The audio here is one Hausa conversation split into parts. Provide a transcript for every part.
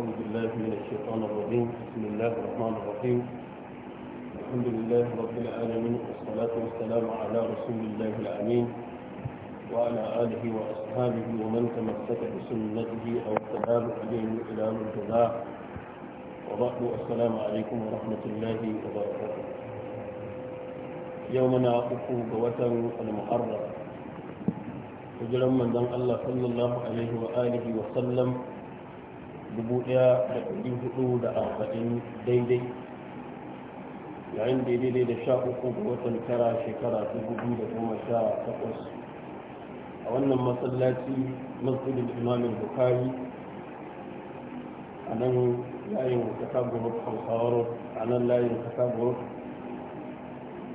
أعوذ بالله من الشيطان الرجيم بسم الله الرحمن الرحيم الحمد لله رب العالمين والصلاة والسلام على رسول الله الأمين وعلى آله وأصحابه ومن تمسك بسنته أو التباب عليهم إلى الجزاء وضعوا السلام عليكم ورحمة الله وبركاته يومنا أقفوا بوتن المحرم وجلما من الله صلى الله عليه وآله وسلم Dubu da daidai yayin da arba'in daidai da sha uku ga watan tara shekara ta dubu da goma sha takwas a wannan masallaci masjidin imamin bukari a nan layin kakaguruk hausawar a nan layin kakaguruk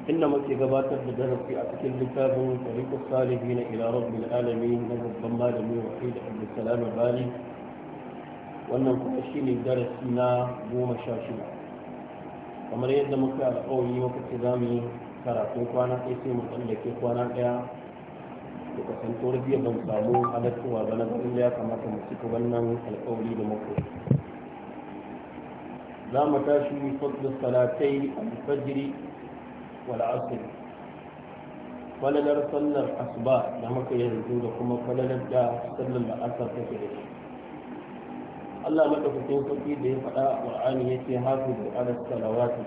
inda muke gabatar da darasi a cikin littafin tariƙus salihi na ila rabbil alamin na babban malami wa da abdulsalam bali wannan kuma shi ne darasi na goma sha shida kamar yadda muka alƙawari muka ce za mu yi karatu kwana ɗaya sai mu tsallake kwana ɗaya da kasantuwar jiya ban samu halattuwa ba na garin da ya kamata mu cika wannan alƙawari da muka za mu tashi fadda salatai alfajiri wal asr falalar sallar asuba da muka yanzu da kuma falalar da sallar da asar take da shi Allah madaukakin sarki da ya faɗa a Qur'ani yace hafizu ala salawati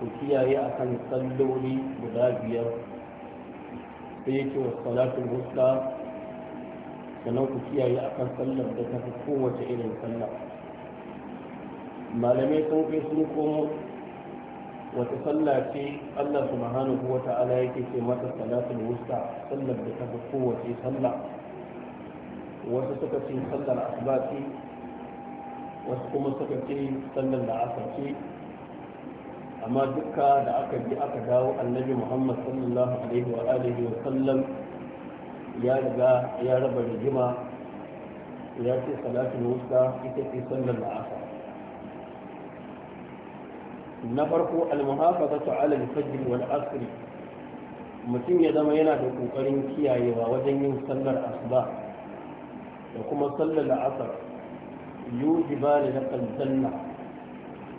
ku kiyaye akan salloli guda biyar sai yake wa salatul wusta sannan ku kiyaye akan sallar da ta fi kowace irin sallah malamai sun kai sun komo wata sallah ce Allah subhanahu wa ta'ala yake ce mata salatul wusta sallar da ta fi kowace sallah wasu suka ce sallar asuba wasu kuma suka ce sallar da asar ce amma duka da aka ji aka dawo annabi muhammad sallallahu alaihi wa alihi wa sallam ya riga ya raba rigima ya ce salatul wusta ita ce sallar da asar na farko almuhafazatu ala al-fajr wal asr mutum ya zama yana da kokarin kiyayewa wajen yin sallar asuba da kuma sallar asar yuji ba da na kanzanna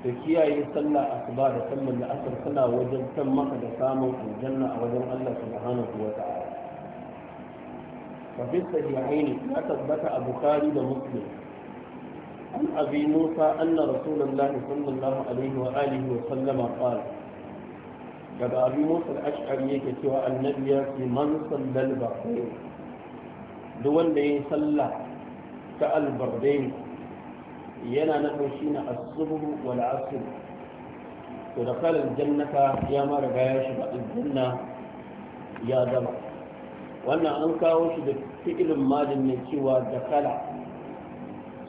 da kiyaye sallar asuba da sallar da asar suna wajen san maka da samun aljanna a wajen Allah subhanahu wa ta'ala fa fi sahihaini ya tabbata a bukhari da muslim عن أبي موسى أن رسول الله صلى الله عليه وآله وسلم قال قد أبي موسى الأشعري كتوى النبي في من صلى البقيع دون صلى ta albardain yana na shi na asubu wal asir to da kalin jannata ya mara gaya shi ba aljanna ya zama wannan an kawo shi da fi'ilin malin ne cewa da kala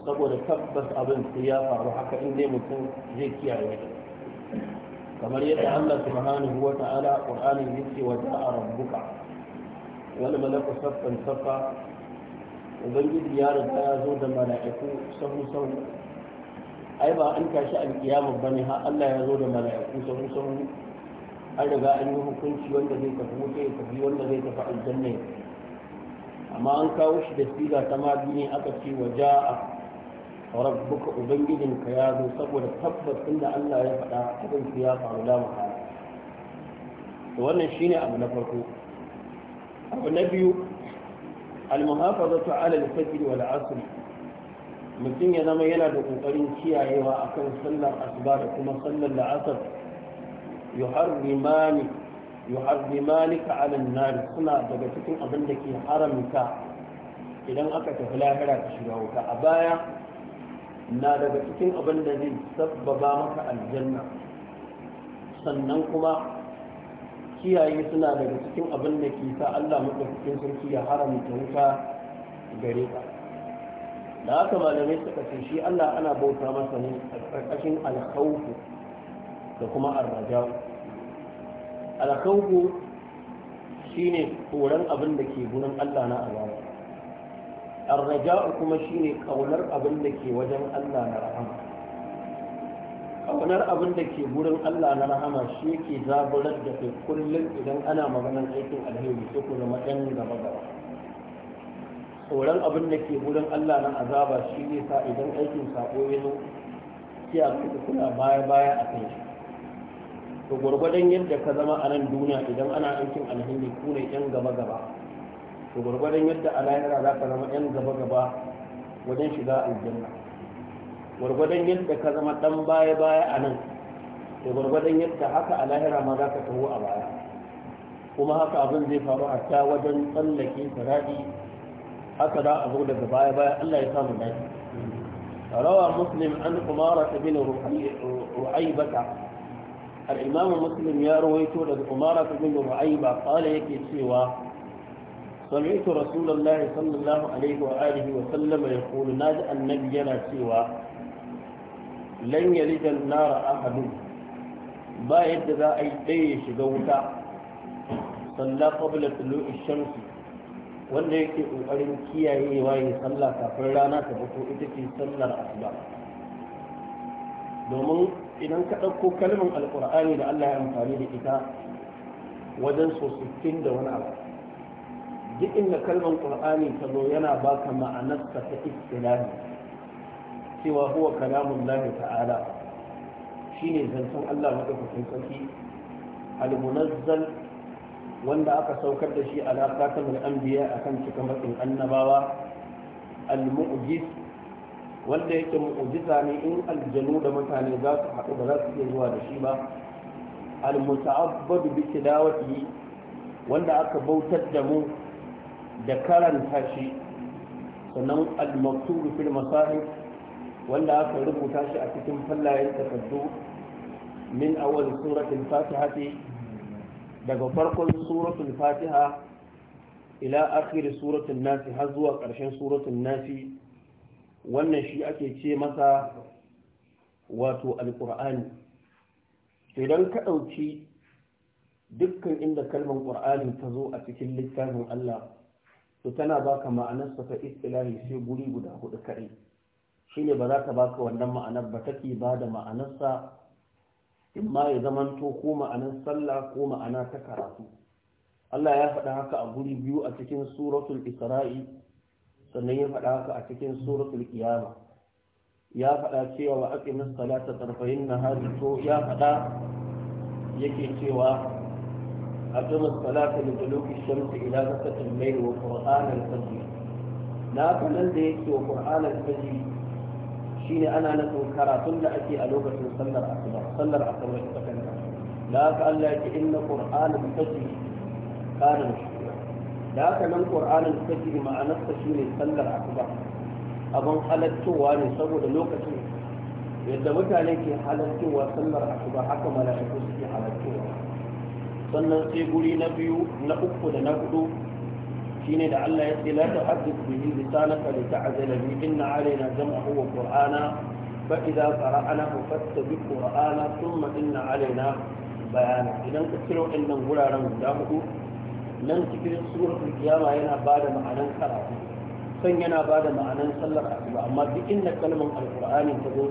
saboda tabbas abin su ya faru haka dai mutum zai kiyaye kamar yadda Allah subhanahu wa ta'ala Qur'anin yake wa da'a rabbuka wal malaku saffan saffa ubangiji ya riga ya zo da mala'iku sahu sahu ai ba an tashi alkiyama bane har Allah ya zo da mala'iku sahu sahu an riga an yi hukunci wanda zai tafi wuta ya tafi wanda zai tafi aljanna amma an kawo shi da siga ta ma ne aka ce wa ja'a rabbuka ubangijinka ya zo saboda tabbas inda Allah ya faɗa abin ya faru da mu wannan shine abu na farko abu na biyu almuhafazatu ala al-fajr wal mutum ya zama yana da ƙoƙarin kiyayewa akan sallar asuba da kuma sallar la'asar yuharrimani yuharrimanika ala suna daga cikin abin da ke haramta idan aka tafi lahira ta shiga wuta a baya na daga cikin abin da zai sabbaba maka aljanna sannan kuma kiyaye suna daga cikin abin da ke sa Allah cikin sarki ya haramta wuta gare ka da haka malamai suka ce shi Allah ana bauta masa ne a ƙarƙashin alkhawfu da kuma arrajau alkhawfu shine tsoron abin da ke gurin Allah na azaba arrajau kuma shine kaunar abin da ke wajen Allah na rahama kamar abin da ke gurin Allah na rahama shi yake zaburar da kai kullum idan ana maganar aikin alheri sai ku zama ɗan gaba gaba tsoron abin da ke gurin Allah na azaba shi ne sa idan aikin sako ya zo sai a kuka kuna baya baya a kai shi to gurgurdan yadda ka zama a nan duniya idan ana aikin alheri ku ne ɗan gaba gaba to gurgurdan yadda a lahira za ka zama ɗan gaba gaba wajen shiga aljanna gwargwadon yadda ka zama dan baya baya a nan da gwargwadon yadda haka a lahira ma za ka taho a baya kuma haka abin zai faru a ta wajen tsallake sarari haka za a zo daga baya baya allah ya samu dace rawa muslim an umara ta bin ru'aibata al-imamu muslim ya rawaito daga umara ta bin ru'aiba kala yake cewa سمعت رسول الله صلى الله عليه وآله وسلم يقول نادى النبي ينا سوى lan yalijan nara ahadun ba yadda za a yi ɗaya ya shiga wuta salla qabla tulu'i shamsi wanda yake kokarin kiyayewa ya sallah kafin rana ta fito ita ce sallar asuba domin idan ka ɗauko kalmar alƙur'ani da Allah ya amfani da ita wajen so da wani abu duk inda kalmar ƙur'ani ta zo yana baka ma'anarsa ta istilahi cewa huwa kalamun lahi ta'ala shine zancen Allah madaukakin sarki al wanda aka saukar da shi an biya anbiya akan cika matsin annabawa al wanda yake mu'ujiza ne in aljanu da mutane za su haɗu ba za su iya zuwa da shi ba almuta'abbadu mutaabbadu bi tilawatihi wanda aka bautar da mu da karanta shi sannan al fil masahif wanda aka rubuta shi a cikin fallayen takardu min awal suratul fatiha daga farkon suratul fatiha ila akhir suratul nasi har zuwa ƙarshen suratul nasi wannan shi ake ce masa wato alƙur'ani idan ka ɗauki dukkan inda kalmar ƙur'ani ta zo a cikin littafin Allah to tana baka ma'anarsa ta istilahi sai guri guda hudu kaɗai ne ba za ta baka wannan ma'anar ba take ba da ma'anarsa in ma ya zamanto ko ma'anar sallah ko ma'ana ta karatu Allah ya faɗa haka a guri biyu a cikin suratul isra'i sannan ya faɗa haka a cikin suratul qiyama ya faɗa cewa wa aqimis salata tarfayin nahari to ya faɗa yake cewa aqimis salata li duluki shamsi ila ghasaqil layl wa qur'anal fajr na kalan da yake wa qur'anal fajr shine ana nufin karatun da ake a lokacin sallar asuba sallar asuba ta kanta da haka Allah yake inna qur'anan tajri kana da haka nan qur'anan tajri ma'anarsa shine sallar asuba abin halattowa ne saboda lokacin yadda mutane ke halattowa sallar asuba haka mala'iku suke halattowa sannan sai guri na biyu na uku da na hudu shine da Allah ya ce la tuhaddith bihi lisanaka li ta'zala bi inna alaina jam'ahu wa qur'ana fa idza qara'nahu fattabi qur'ana thumma inna alaina bayana idan ka ciro wannan guraren guda hudu nan cikin suratul kiyama yana bada ma'anan karatu san yana bada ma'anan sallar asuba amma duk inda kalmar alqur'ani ta zo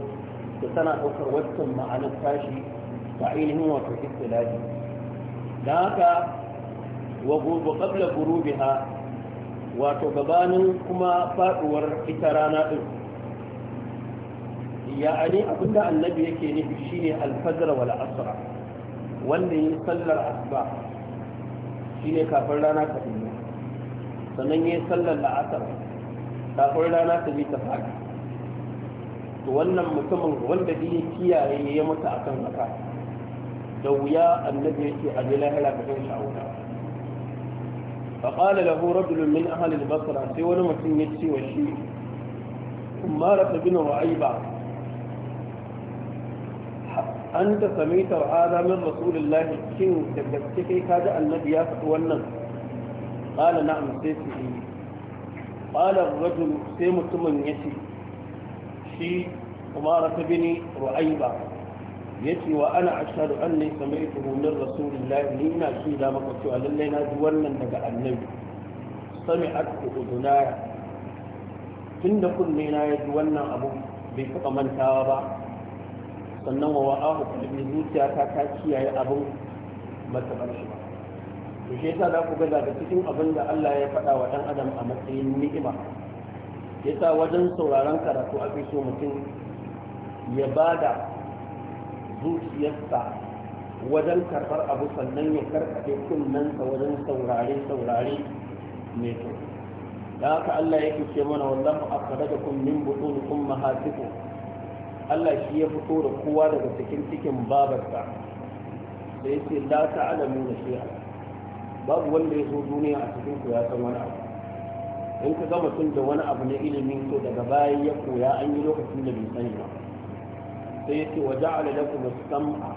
da tana daukar wancan ma'anar tashi ta ainihin wato istilahi da haka wa qabla gurubiha wato gabanin kuma faduwar ita rana din ya ne abinda annabi yake nufi shine alfajr wal asra wanda yi sallar asuba shine kafin rana ta fito sannan yi sallar la'asar kafin rana ta bi ta fadi to wannan mutumin wanda bi kiyaye ya mutu akan haka da wuya annabi yake a lahira ka kai shi a wuta فقال له رجل من أهل البصرة سيوان مسلم يتسي وشي أمارة بن رعيبة أنت سميت هذا من رسول الله كن تبتكي هذا النبي يفتونا قال نعم سيسي قال الرجل سيمتم يتي شي أمارة بن رعيبة ce wa ana ne ashhadu anni hunar rasulun lafi ni ina shi da maka cewa Lallai na ji wannan daga annabi sami'at tun tunda kunne na ya ji wannan abu bai taɓa mantawa ba sannan wa wa'ahu kalbi zuciya ta ta kiyaye abin matsalar shi ba to shi yasa za ku ga daga cikin abin da Allah ya faɗa wa ɗan adam a matsayin ni'ima yasa wajen sauraron karatu a fi so mutum ya ba da zuciyarsa wajen karɓar abu sannan ya karkaɗe kunnensa wajen saurare saurare mai kyau da haka Allah yake ce mana wallahu akhrajakum min butun ummahatikum Allah shi ya fito da kowa daga cikin cikin babarsa da yace la ta'lamu shay'a babu wanda ya zo duniya a cikin ku ya san wani abu in ka ga mutum da wani abu na ilimi to daga baya ya koya an yi lokacin da bai sani ba sai yace waje a lakum as-sam'a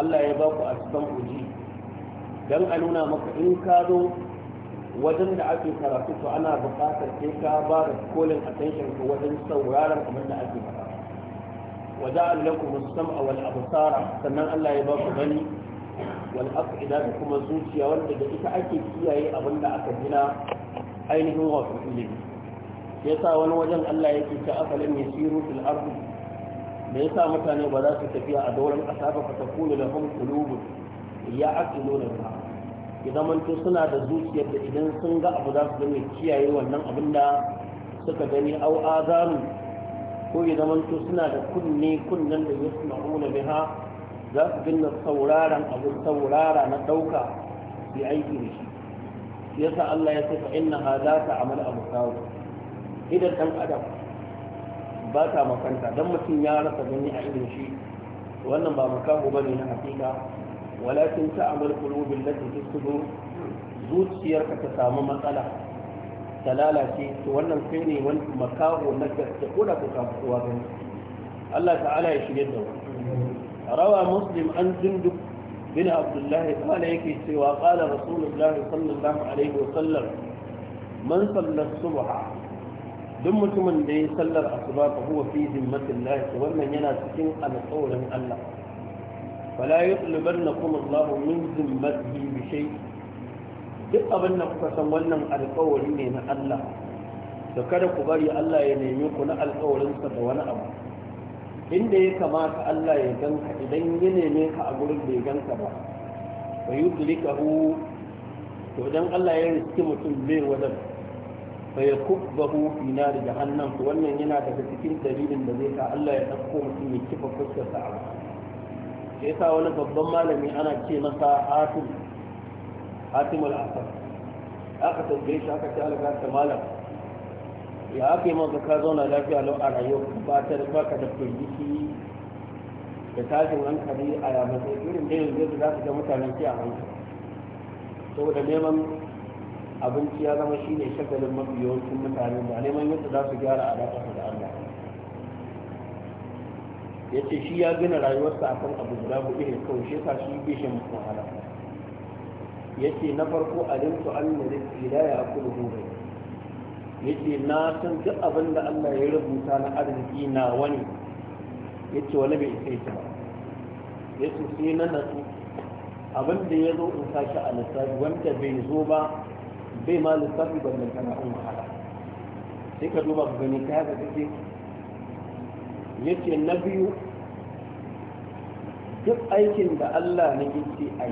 Allah ya ba ku as-sam'u ji Don a nuna maka in ka zo wajen da ake karatu to ana buƙatar sai ka ba da kolin attention ka wajen sauraron abin da ake faɗa Waje a lakum as-sam'a wal absara sannan Allah ya ba ku gani wal afida da kuma zuciya wanda da ita ake kiyaye abin da aka gina ainihin wasu ilimi sa wani wajen Allah yake ta afalin yasiru fil ardi me yasa mutane ba za su tafiya a doron ƙasa ba ta kuna da hum qulubun ya aqilu da ba? idan man suna da zuciyar da idan sun ga abu za su dinga kiyaye wannan abin da suka gani au azanu ko idan man suna da kunne kunnen da yasma'una biha za su dinga sauraron abu saurara na ɗauka? su aiki da shi yasa Allah ya ce fa inna hadaka amal abu idan dan adam ba ta makanta don mutum ya rasa gani a irin shi wannan ba makaho ba ne na hakika walakin ta amal kulubin lati tisudu zuciyarka ta samu matsala ta lalace to wannan kai ne wani makaho na gaske ko da ku samu gani Allah ta'ala ya shirye da wani rawa muslim an jundub bin abdullahi kala yake cewa kala rasulullahi sallallahu alaihi wa sallam man sallar subha duk mutumin da ya yi sallar asuba ka huwa fi zimmatin lahi wannan yana cikin alƙawarin Allah fala kuma Allah min zimmatihi bi shay duk abin da kuka san wannan alƙawari ne na Allah da kada ku bari Allah ya nemi ku na alƙawarin sa da wani abu inda ya kamata Allah ya ganka idan ya neme ka a gurin bai ganka ba fa yudlikahu to idan Allah ya riski mutum zai wadar fa yakubbahu fi nar jahannam to wannan yana daga cikin dalilin da zai sa Allah ya dauko mutum ya kifa fuskar sa a sai sa wani babban malami ana ce masa hatim hatim al-asad aka tambaye shi aka ce alga ta malam ya aka yi maka ka zauna lafiya lau a rayuwa ba ta da baka da firgiki da tashin hankali a sai irin da yanzu za su ga mutanen ke a hankali saboda neman abinci ya zama shi ne shagalin mafi yawancin mutane da neman yadda za su gyara alaƙa da Allah ya ce shi ya gina rayuwarsa akan abu guda guda ne kawai shi sa shi bishin wahala ya ce na farko alimtu an da zai la ya akulu hure ya ce na san duk abin da Allah ya rubuta na arziki na wani ya ce wani bai isa ita ba ya ce sai na natsu abin da ya zo in sashi a lissafi wanda bai zo ba bai ma lissafi mai kana an wahala sai ka duba ka gani kaya da kake yace na biyu duk aikin da Allah ne yake a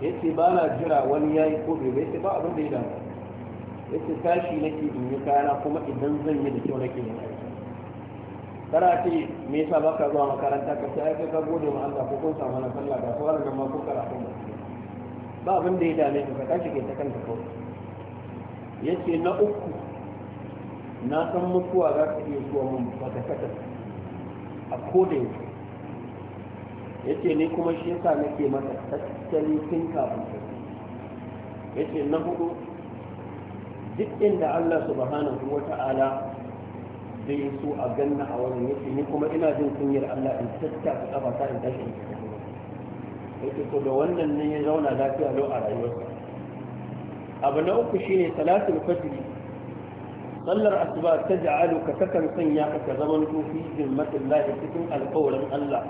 yi ce ba na jira wani yayi ko bai bai ba abin da ya damu ce tashi nake in yi kana kuma idan zan yi da kyau nake yin aiki kana ce me yasa baka zuwa makaranta ka sai ka gode ma Allah ko kun samu na sallah da sauran nan ma ko karatu ba abin da ya dame ka shi ke ta kanka kawai yace na uku na san mutuwa za ka iya zuwa mun baka saka a koda yake yace ni kuma shi yasa nake masa tattali tun kafin ka yace na hudu duk inda Allah subhanahu wata'ala zai so a ganna a wannan yace ni kuma ina jin kunyar Allah in tattaka kafa ta in tashi yake ko da wannan ne ya zauna lafiya lau a rayuwarsa abu na uku shine salatul fajr sallar asuba ta ja'alu ka takan sanya ka ka zaman tufi zimmatin lahi cikin alƙawarin Allah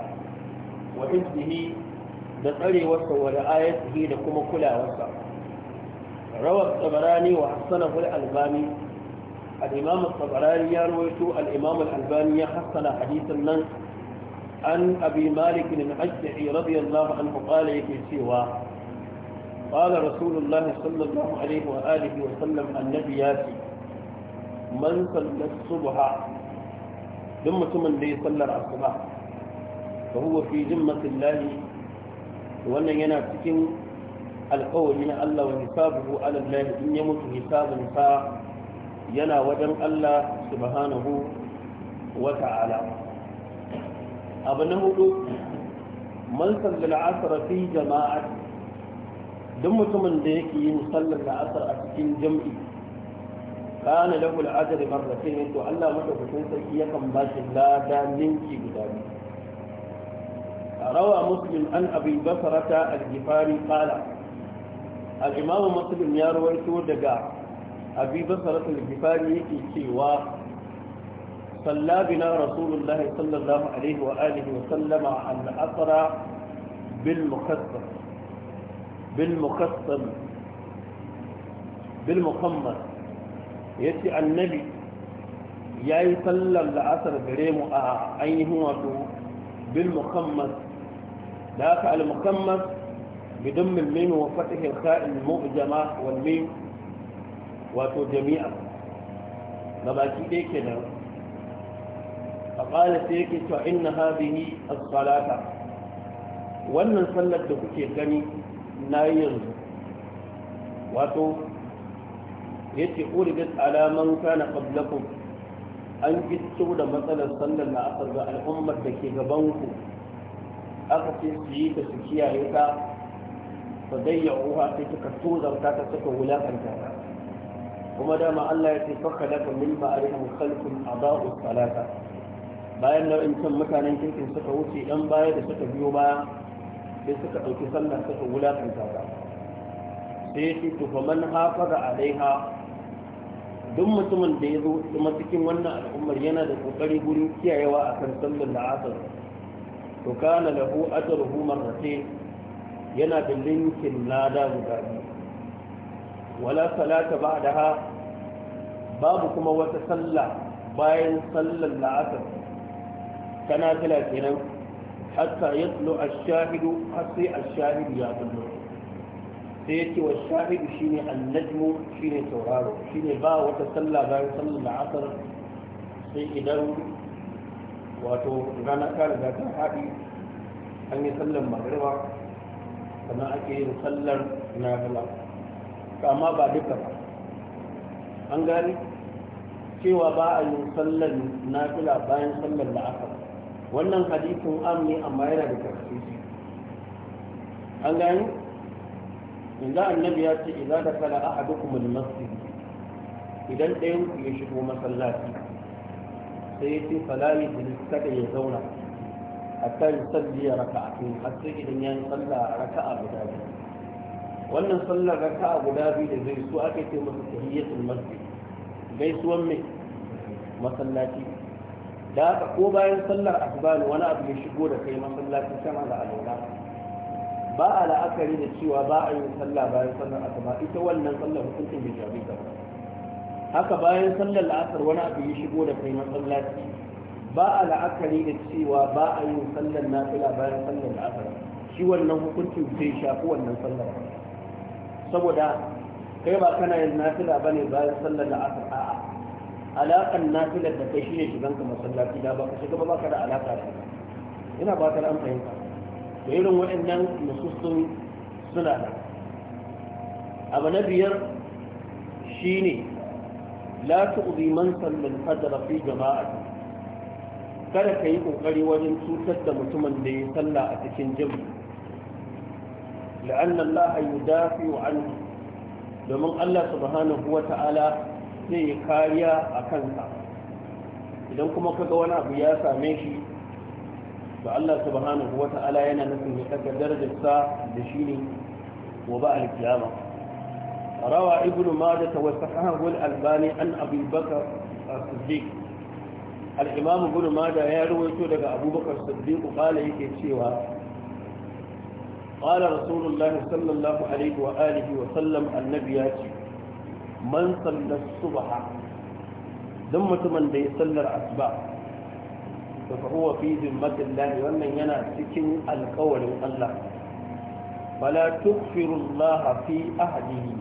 wa izbihi da tsarewarsa wa ra'ayatihi da kuma kulawarsa rawar tsabarani wa Hassana hul albani al-imam tsabarani ya rawaito al-imam al-albani ya hassana hadisin nan عن أبي مالك الأشعري رضي الله عنه قال يكي سوى قال رسول الله صلى الله عليه وآله وسلم النبي ياتي من صلى الصبح ثم ثم دي صلى الصبح فهو في ذمة الله وأن ينافسكم القول من الله وحسابه على الله إن يموت حساب ساعة ينا وجم الله سبحانه وتعالى abu na hudu man sallal asr fi jama'at duk mutumin da yake yin sallar la'asar a cikin jam'i kana lahu al-ajr marratayn to Allah madaukakin sarki kan ba shi lada ninki guda biyu روى مسلم عن أبي بكرة الجفاري قال الإمام مسلم يروي دقاء أبي بكرة الجفاري في cewa. صلى بنا رسول الله صلى الله عليه وآله وسلم عن أثر بالمخصم بالمخصم بالمخمر يتي النبي يا يسلم لأثر بريم عينه وتو بالمخمر ذاك المخمر بدم الميم وفتح الخاء المؤجمة والميم وتو جميعا gabaki ɗaya kenan فقال inna فإن a الصلاة wannan sallar da kuke gani na yanzu wato ya ce ƙurigat alaman kana ƙablakun an fito da matsalar sallar na asar ga al'ummar da ke gabanku aka ce su yi ta su kiyaye ta ta zayya uwa sai suka tozarta ta suka wulakanta ta kuma dama Allah ya ce fakka laka min ba'arihim a ba'u salata bayan nau'in can mutanen kirkin suka wuce yan baya da suka biyo baya sai suka ɗauki sallah suka wulakanta ta sai ya tufa man hafa da alaiha duk mutumin da ya zo kuma cikin wannan al'ummar yana da ƙoƙari gurin kiyayewa a kan sallar da asar to kana lahu ajruhu marratayn yana da linkin lada guda biyu wala salata ha? babu kuma wata sallah bayan sallar la'asar tanafila kenan hatta yatlu ash-shahidu har sai ash-shahidu ya bullo sai yake wa shahidu shine an-najmu shine tauraro shine ba wata sallah bayan sallar la'asar sai idan wato rana ta riga ta haɗi an yi sallar magriba sannan ake yin sallar nafila amma ba duka ba an gane cewa ba a yin sallar nafila bayan sallar la'asar wannan hadisin am ne amma yana da tafsiri an gani yanzu annabi ya ce idza dakala ahadukum al-masjid idan ɗayan ku ya shigo masallaci sai ya ce falali da kada ya zauna A kan salli ya raka a kan sai idan ya yi sallah raka raka'a guda biyu wannan sallar raka a guda biyu da zai so aka ce masa tahiyatul masjid gaisuwan mai masallaci da haka ko bayan sallar asbani wani abu ya shigo da kai masallaci sama da alwala ba a la'akari da cewa ba a yi sallah bayan sallar asuba ita wannan sallar hukuncin bai shafi ta haka bayan sallar la'asar wani abu ya shigo da kai masallaci ba a la'akari da cewa ba a yi sallar nafila bayan sallar la'asar shi wannan hukuncin bai shafi wannan sallar saboda kai ba kana yin nafila bane bayan sallar la'asar a'a alaƙar nafilar da kai shine shigan ka masallaci da ba ka shiga ba ka da alaƙa da ina ba ta an fahimta to irin waɗannan nususun suna da abu na biyar shine la tu'zi man sallal fajr fi jama'ati kada ka yi kokari wajen cutar da mutumin da ya salla a cikin jami'i la'anna Allah yudafi anhu domin Allah subhanahu wa ta'ala zai yi kariya a kansa idan kuma kaga wani abu ya same shi to Allah subhanahu wata'ala yana nufin ya kaga darajarsa da shi ne wa ba alkiyama rawa ibnu majah wa sahahu albani an abi bakr as-siddiq al-imam ibnu majah ya rawaito daga abubakar as-siddiq qala yake cewa قال رسول الله صلى الله عليه وآله وسلم النبي man sallar Subaha, don mutumin da ya sallar asuba da fahuwa fi zimmatin lahi wannan yana cikin alkawarin Allah Bala fala tukfirullah fi ahadihi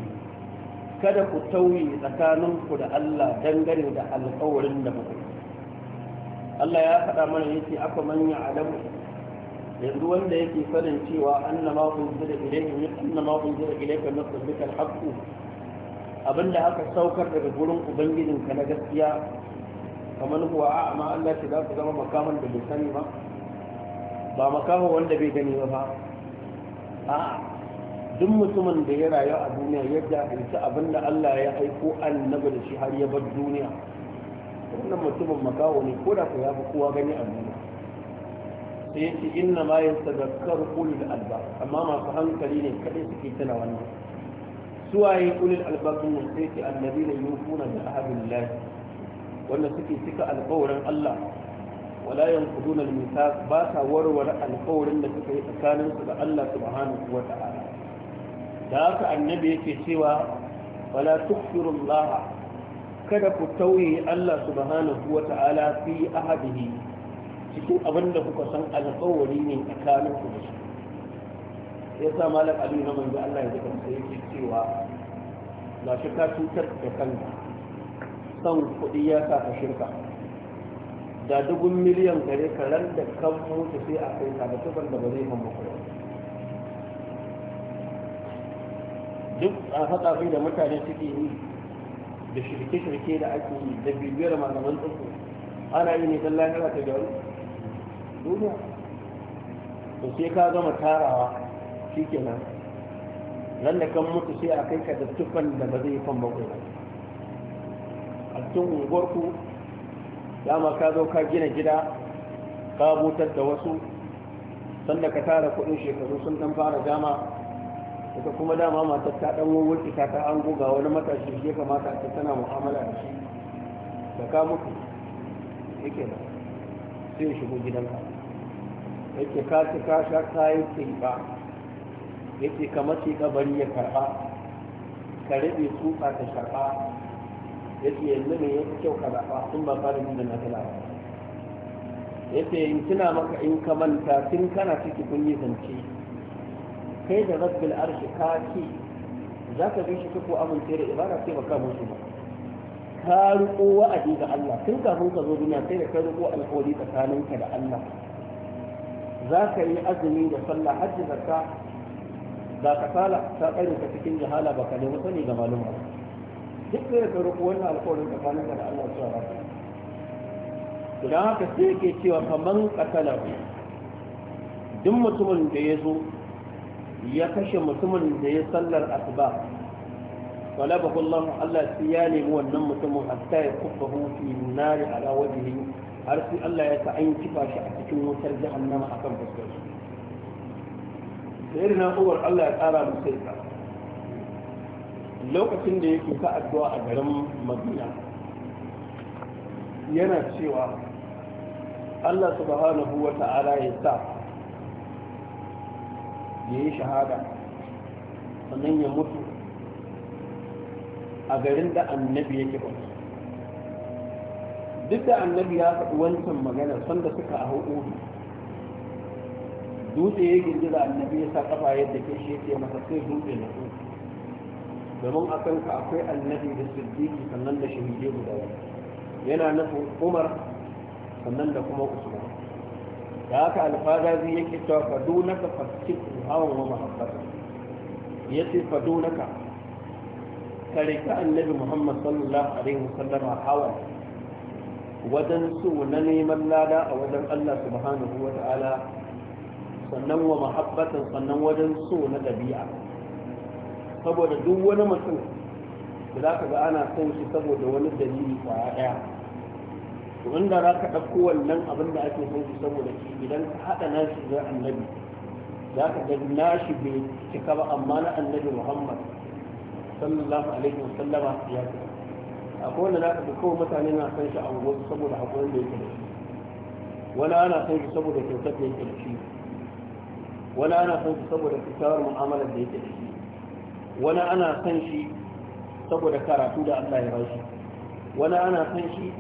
kada ku tauyi tsakaninku da Allah dangane da alkawarin da muku Allah ya faɗa mana yace aka manya alamu yanzu wanda yake sanin cewa annama unzila ilayka annama unzila ilayka min rabbika alhaqq abinda aka saukar daga gurin ubangijinka na gaskiya kamar kuwa a amma Allah ce za ku zama makaman da bai sani ba ba makama wanda bai gani ba a duk mutumin da ya rayu a duniya ya jahilci abinda Allah ya aiko annabi da shi har ya bar duniya wannan mutumin makawo ne ko da ku ya fi kowa gani a duniya sai ya ce inna ma yastazakkaru ulul albab amma masu hankali ne kadai suke tuna wannan suwaye ulil albabin nan sai ce annabi ne yufuna da ahadin wanda suke cika alkawarin Allah wala yanquduna al-mithaq ba sa warware alkawarin da suka yi tsakanin su da Allah subhanahu wa ta'ala da haka annabi yake cewa wala tukfiru Allah kada ku tauye Allah subhanahu wa ta'ala fi ahadihi cikin abin da kuka san alkawari ne tsakanin ku da shi ya sa malam ali na manzo Allah ya zaka sai yake cewa la shi ka cutar da kanka san kuɗi ya sa ka shirka da dubun miliyan gare karan da kan mutu sai a kai ka da da ba zai kan muku duk a haɗa kai da mutane suke yi da shirke-shirke da ake yi da bibiyar malaman tsoko ana yi ne don lahira ta gari. duniya to sai ka gama tarawa shi kenan nan da kan mutu sai a kai ka da tufan da ba zai fan bakwai ba a cikin unguwarku dama ka zo ka gina gida ka butar da wasu sanda ka tara kudin shekaru sun dan fara dama ita kuma dama matar ta dan ta ta an goga wani matashi shi kamata ta tana mu'amala da shi da ka mutu yake nan sai shigo gidanka yake ka ci ka sha kayan tsiba ya ce ka mace kabari ya karba ka rabe tsufa ka karba ya ce yanzu ne ya fi kyau ka zaɓa sun ba fara da na talawa ya ce in tuna maka in ka manta tun kana ciki kun yi zance kai da rabbil arshi ka ce za ka shi ka ko amince da ibada sai baka musu ba ka riko wa'adi ga Allah tun kafin ka zo duniya sai da ka riko alƙawari tsakaninka da Allah za ka yi azumi da sallah hajji zakka ga kasala ta tsare ka cikin jahala ba ka nemi sani ga maluma duk da ka roƙo wannan alƙawarin tsakanin da Allah zuwa ba idan haka sai ke cewa kaman kasala duk mutumin da ya zo ya kashe mutumin da ya sallar asuba talabahu Allah Allah sai ya nemi wannan mutumin hatta ya kubbahu fi nari ala wajhihi har sai Allah ya ta an kifa shi a cikin wutar jahannama akan fuskar shi sai na umar Allah ya tsara masa ita lokacin da yake ta addu'a a garin Madina yana cewa Allah subhanahu wa ta'ala ya sa ya yi shahada sannan ya mutu a garin da annabi yake ba duk da annabi ya faɗi wancan magana sanda suka hau udu dutse ya girgiza annabi ya sa kafa yadda ke shi yake masa sai dutse na su domin a kanka akwai annabi da Siddiki sannan da shahidai guda yana nufin umar sannan da kuma usman da haka alfada zai yake cewa fadunaka fasik hawan wa mahabbata yace fadunaka karika annabi muhammad sallallahu alaihi wasallam hawan wajen su na neman lada a wajen Allah subhanahu wa ta'ala sannan wa mahabbatan sannan wajen so na ɗabi'a saboda duk wani mutum da za ka ga ana son shi saboda wani dalili kwaya ɗaya to inda za ka ɗauko wannan abin da ake son shi saboda shi idan ka haɗa nashi zai annabi za ka ga nashi bai cika ba amma na annabi muhammad sallallahu alaihi wa sallama ya ce akwai wanda za ka ga kawai mutane na son shi a unguwarsu saboda haƙurin da yake da shi wani ana son shi saboda kyautar da yake da shi wani ana son shi saboda kyakkyawar mu'amalar da yake da shi wani ana son shi saboda karatu da Allah ya bashi wani ana son shi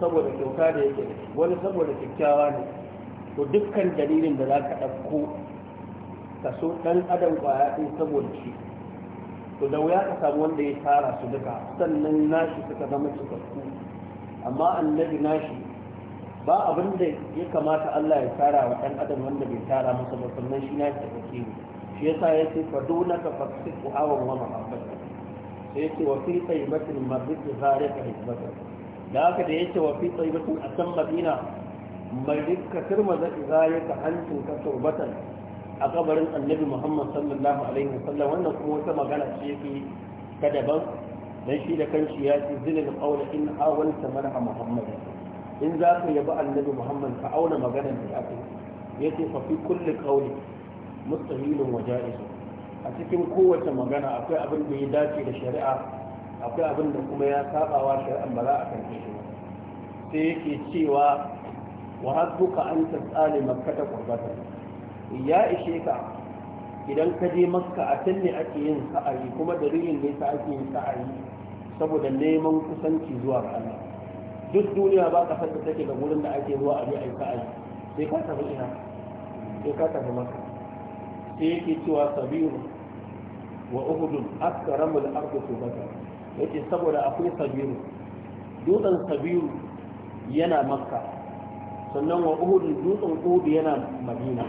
saboda kyauta da yake da shi wani saboda kyakkyawa ne to dukkan dalilin da za ka ɗauko ka so ɗan adam ƙwaya ɗin saboda shi to da wuya ka samu wanda ya tara su duka sannan nashi suka zama cikakku amma annabi nashi ba abin da ya kamata Allah ya tara wa ɗan adam wanda bai tara masa ba sannan shi na ya tafi ne shi yasa ya ce fa dole ka fasik ku awon wa mahabbata sai ya ce wa fi tsaibatin mabrik zarika hizbata da haka da ya ce wa fi tsaibatin a can madina mabrik ka turma zaki zarika hancin ka turbatan a kabarin annabi muhammad sallallahu alaihi wasallam wannan kuma wata magana ce yake ta daban dan shi da kanshi ya ce zilal qawla in awalta mar'a muhammadin in za ka yabi annabi muhammad ka auna maganar da aka yi ya ce fa fi kulli qawli mustahilun wa ja'izu a cikin kowace magana akwai abin da ya dace da shari'a akwai abin da kuma ya sabawa shari'ar ba za a kan shi ba sai yake cewa wa hasbuka an tasali makkata qurbatan ya ishe ka idan ka je Maska, a can ne ake yin sa'ayi kuma dalilin ne ta ake yin sa'ayi saboda neman kusanci zuwa ga Allah duk duniya ba san da take da wurin da ake zuwa a aika a yi sai ka tafi ina sai ka tafi maka sai yake cewa sabiru wa uhudun akramul ardu subata yake saboda akwai sabiru dutsen sabiru yana makka sannan wa uhudun dutsen uhudu yana madina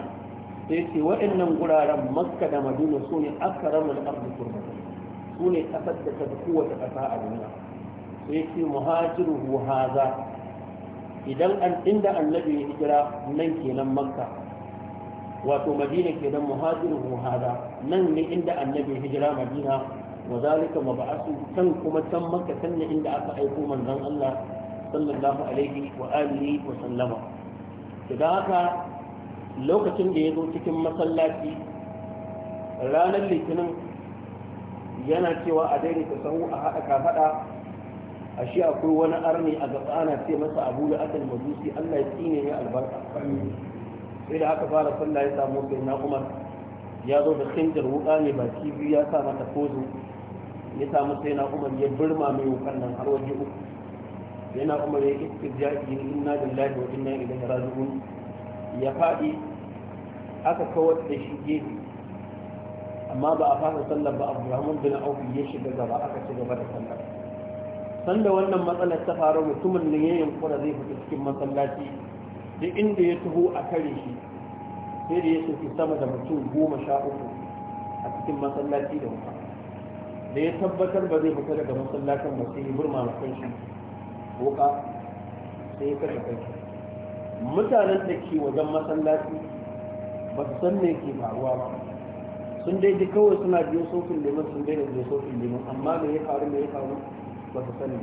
sai ce waɗannan guraren makka da madina su ne akramul ardu subata su ne kasar da ta fi kowace ƙasa a duniya yake muhajiruhu haza idan an inda annabi ya hijira nan kenan makka wato madina kenan muhajiruhu haza nan ne inda annabi ya hijira madina wa zalika mab'asu can kuma can makka can ne inda aka aiko manzon Allah sallallahu alaihi wa alihi wa sallama idan haka lokacin da ya zo cikin masallaci ranar litinin yana cewa a daidaita sahu a haɗa ka faɗa. ashe akwai wani arni a gaba ana ce masa abu da akal majusi Allah ya tsine mai albarka sai da aka fara sallah ya samu sai na Umar ya zo da khinjar wuka ne ba kibi ya sa mata kozo ya samu sai na Umar ya birma mai wukan nan har waje uku yana Umar ya istijaki inna lillahi wa inna ilaihi raji'un ya faɗi aka kawar da shi gefe amma ba a fara sallar ba Abdulrahman bin Auf ya shiga gaba aka ci gaba da sallar sanda wannan matsalar ta faru mutumin da ya yankura zai fita cikin masallaci duk inda ya taho a kare shi sai da ya soki sama da mutum goma sha uku a cikin masallaci da wuta da ya tabbatar ba zai fita daga masallacin ba sai ya burma ma kanshi wuka sai ya kashe kanshi mutanen da ke wajen masallaci ba su san me ke faruwa ba sun dai kawai suna biyo sofin neman sun daina biyo sofin neman, amma me ya faru me ya faru ba su sani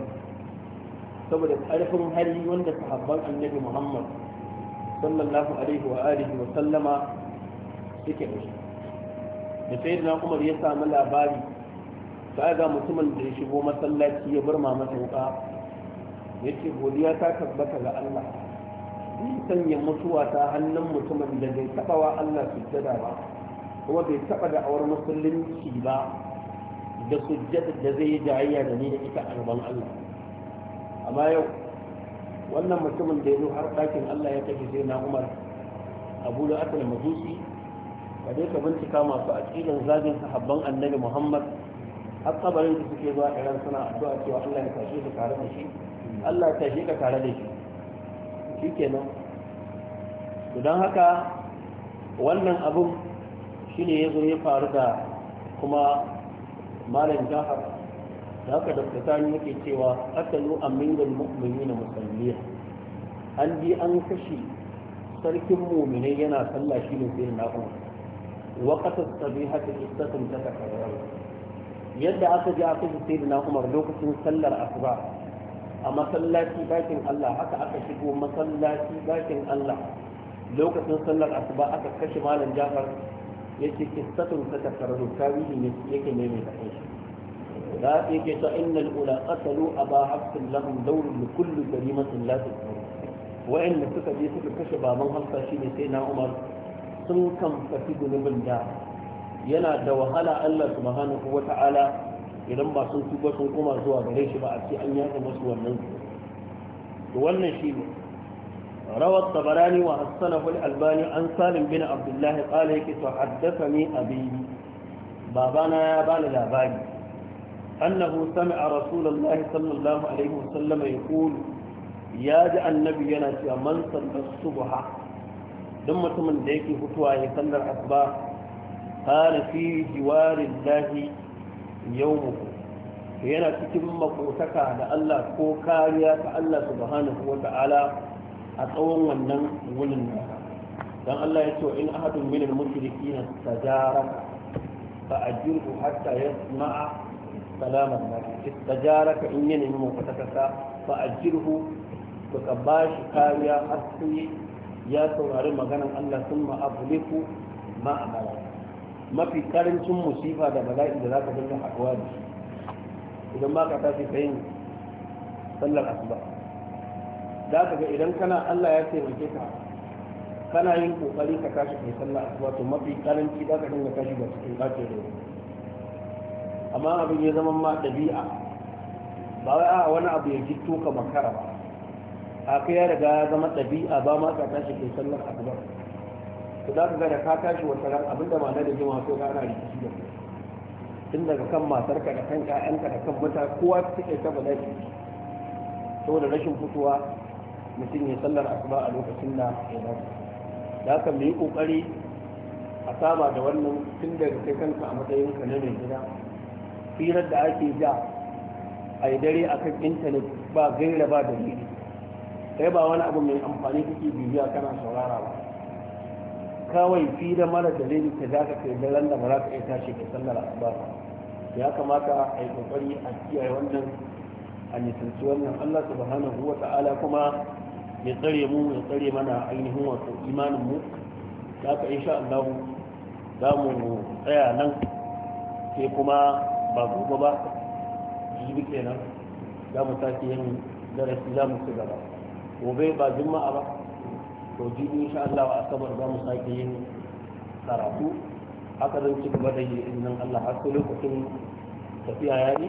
saboda ƙarfin hali wanda sahabban annabi muhammad sallallahu alaihi wa alihi wa sallama suke da shi da sai da umar ya samu labari ta ga mutumin da ya shigo masallaci ya bar mama wuka ya ce godiya ta tabbata ga allah bai sanya mutuwa ta hannun mutumin da bai taɓa wa allah su ba kuma bai taɓa da awar musulunci ba da sujjadar da zai yi jayayya da ni da ita a gaban Allah amma yau wannan mutumin da ya zo har ɗakin Allah ya tafi sai na Umar Abu da Atal Majusi ka dai ka bincika masu aqidan zagin sahabban Annabi Muhammad har kabarin da suke zuwa Iran suna addu'a cewa Allah ya tashe ka tare da shi Allah ya tashe ka tare da shi shikenan to haka wannan abun shine yazo ya faru da kuma malam jahar da haka da tsakani yake cewa qatalu amirul na musalliya an bi an kashi sarkin mu'minai yana sallah shi ne sai na kuma وقت الصبيحة قصة تتكرر yadda aka ji aka ji sai na umar lokacin sallar asuba a masallaci bakin Allah haka aka shigo masallaci bakin Allah lokacin sallar asuba aka kashe malam Jafar yace qissatun tatakaru tarihi ne yake ne mai kai da yake ta innal ula asalu a ba lahum dawrun li da karimatin la tasmur wa inna suka je suka kashe baban hafsa shine sai na umar sun kamfafi gunubin da yana da wahala Allah subhanahu wa ta'ala idan ba sun tuba sun kuma zuwa gare shi ba a ce an yaɗa masu wannan to wannan shi ne روى الطبراني وحسنه الألباني عن سالم بن عبد الله قال هيك تحدثني أبي بابانا يا بال الأباني أنه سمع رسول الله صلى الله عليه وسلم يقول يا جاء النبي ينسى من صلى الصبح دمة من ديك فتوى يصلى الأصباح كان في جوار الله يومه yana cikin makotaka da Allah ko kariya ta Allah subhanahu wa ta'ala a tsawon wannan wunin da don Allah ya ce in ahadun minal na tajara a ajirhu hatta yasma'a ta jara ka in yana min ba a jirgu to ka bashi kariya har sai ya saurari maganan Allah sun abliku ma amara mafi karancin musifa da bala'i da zaka dinga haɗuwa da shi idan ba ka tashi kayin sallar asuba za ka ga idan kana Allah ya taimake ka kana yin kokari ka tashi kai sallah asuba to mafi karanci za ka dinga tashi da cikin bace da amma abin ya zama ma dabi'a ba wai a wani abu ya jitto ka makara ba a kai ya riga ya zama dabi'a ba ma ka tashi kai sallah asuba to za ka ga da ka tashi wata ran abin da ma na da jima ko ka ana rikici da tun daga kan matarka da kan ƴaƴanka da kan mutane kowa take ta shi saboda rashin fitowa mutum ya sallar asuba a lokacin da ya dace da haka mai kokari a saba da wannan tun da kai kanka a matsayin ka na mai gida firar da ake ja a yi dare akan intanet ba gaira ba dalili sai ba wani abu mai amfani kake bibiya kana saurara ba kawai fi da mara dalili ta za ka kai daren da ba za ka iya tashi ka sallar asuba ba ya kamata a yi kokari a kiyaye wannan a nisanci wannan allah subhanahu wa ta'ala kuma ya tsare mu ya tsare mana ainihin wato imanin mu da aka insha Allah za mu tsaya nan sai kuma ba gobe ba jibi kenan za mu sake yin darasi za mu ci gaba gobe ba juma'a ba to jibi insha Allah a sabar za mu sake yin karatu haka zan ci gaba da yi nan Allah har lokacin tafiya ya yi